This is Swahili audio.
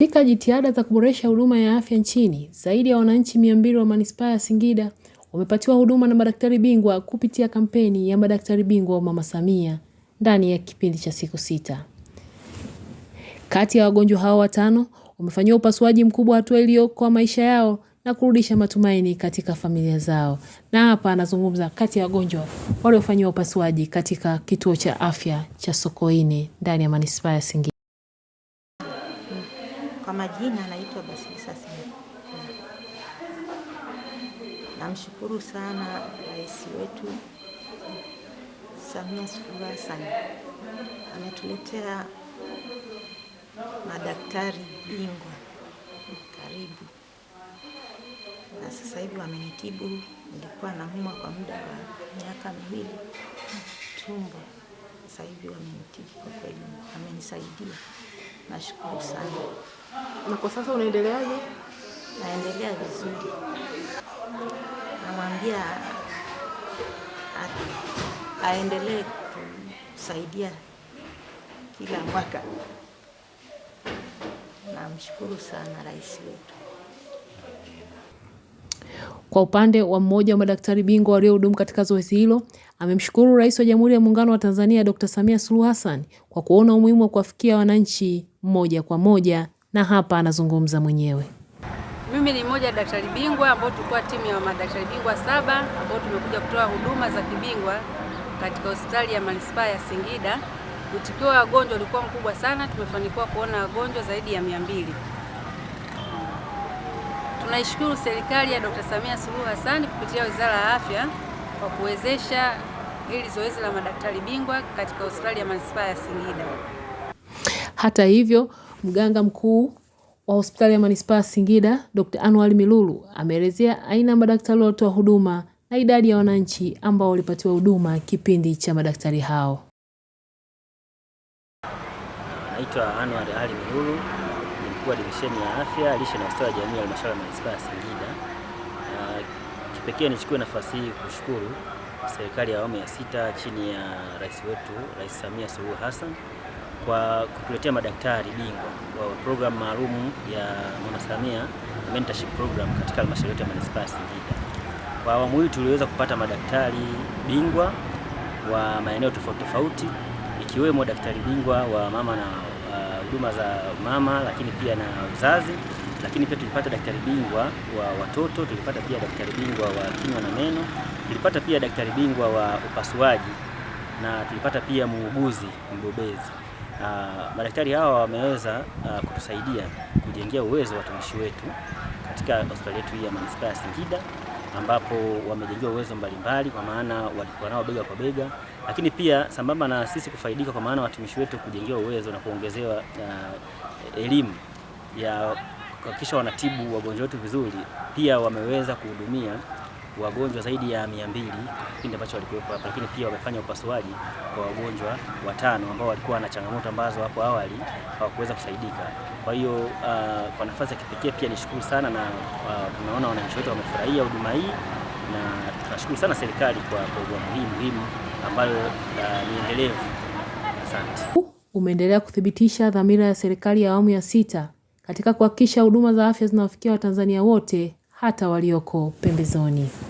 Katika jitihada za kuboresha huduma ya afya nchini, zaidi ya wananchi mia mbili wa manispaa ya Singida wamepatiwa huduma na madaktari bingwa kupitia kampeni ya madaktari bingwa wa Mama Samia ndani ya kipindi cha siku sita. Kati ya wagonjwa hao watano wamefanyiwa upasuaji mkubwa, hatua kwa maisha yao na kurudisha matumaini katika familia zao. Na hapa anazungumza kati ya wagonjwa waliofanyiwa upasuaji katika kituo cha afya cha Sokoine ndani ya manispaa ya Singida. Kwa majina anaitwa Basilisa Simba. Namshukuru sana rais wetu Samia Suluhu Hassan, ametuletea madaktari bingwa karibu, na sasa hivi wamenitibu. Nilikuwa naumwa kwa muda wa miaka miwili tumbo, sasa hivi wamenitibu, kwa kweli wamenisaidia. Nashukuru sana. Na kwa sasa unaendeleaje? Naendelea vizuri, namwambia aendelee kusaidia kila mwaka. Namshukuru sana rais wetu. Kwa upande wa mmoja wa madaktari bingwa waliohudumu katika zoezi hilo, amemshukuru Rais wa Jamhuri ya Muungano wa Tanzania Dr. Samia Suluhu Hassan kwa kuona umuhimu wa kuwafikia wananchi moja kwa moja, na hapa anazungumza mwenyewe. Mimi ni mmoja daktari bingwa ambao tulikuwa timu ya madaktari bingwa saba ambao tumekuja kutoa huduma za kibingwa katika hospitali ya manispaa ya Singida. Utikio wa wagonjwa ulikuwa mkubwa sana, tumefanikiwa kuona wagonjwa zaidi ya mia mbili. Tunaishukuru serikali ya Dr. Samia Suluhu Hassan kupitia Wizara ya Afya kwa kuwezesha hili zoezi la madaktari bingwa katika hospitali ya manispaa ya Singida. Hata hivyo, mganga mkuu wa hospitali ya manispaa ya Singida Dr. Anwar Milulu ameelezea aina ya madaktari waliotoa huduma na idadi ya wananchi ambao walipatiwa huduma kipindi cha madaktari hao. Naitwa Anwar Ali Milulu, ni mkuu wa divisheni ya afya, lishe na ustawi wa jamii ya halmashauri ya manispaa ya Singida. Ah, kipekee nichukue nafasi hii kushukuru serikali ya awamu ya sita chini ya rais wetu Rais Samia Suluhu Hassan kwa kutuletea madaktari bingwa wa programu maalum ya Mama Samia Mentorship Program katika halmashauri yetu ya manispaa ya Singida. Kwa awamu hii tuliweza kupata madaktari bingwa wa maeneo tofauti tofauti ikiwemo daktari bingwa wa mama na uh, huduma uh, za mama lakini pia na uzazi, lakini pia tulipata daktari bingwa wa watoto, tulipata pia daktari bingwa wa kinywa na meno, tulipata pia daktari bingwa wa upasuaji na tulipata pia muuguzi mbobezi. Uh, madaktari hawa wameweza uh, kutusaidia kujengea uwezo wa watumishi wetu katika hospitali yetu hii ya manispaa ya Singida ambapo wamejengewa uwezo mbalimbali, kwa maana walikuwa nao bega kwa bega, lakini pia sambamba na sisi kufaidika, kwa maana watumishi wetu kujengewa uwezo na kuongezewa uh, elimu ya kuhakikisha wanatibu wagonjwa wetu vizuri, pia wameweza kuhudumia wagonjwa zaidi ya 200 kipindi ambacho walikuwepo hapa, lakini pia wamefanya upasuaji kwa wagonjwa watano ambao walikuwa na changamoto ambazo hapo awali hawakuweza kusaidika. Kwa hiyo uh, kwa nafasi ya kipekee pia nishukuru sana na uh, wananchi wote wamefurahia huduma hii na tunashukuru sana serikali kwa programu hii muhimu ambayo uh, ni endelevu. Asante. Umeendelea kuthibitisha dhamira ya serikali ya awamu ya sita katika kuhakikisha huduma za afya zinawafikia Watanzania wote hata walioko pembezoni.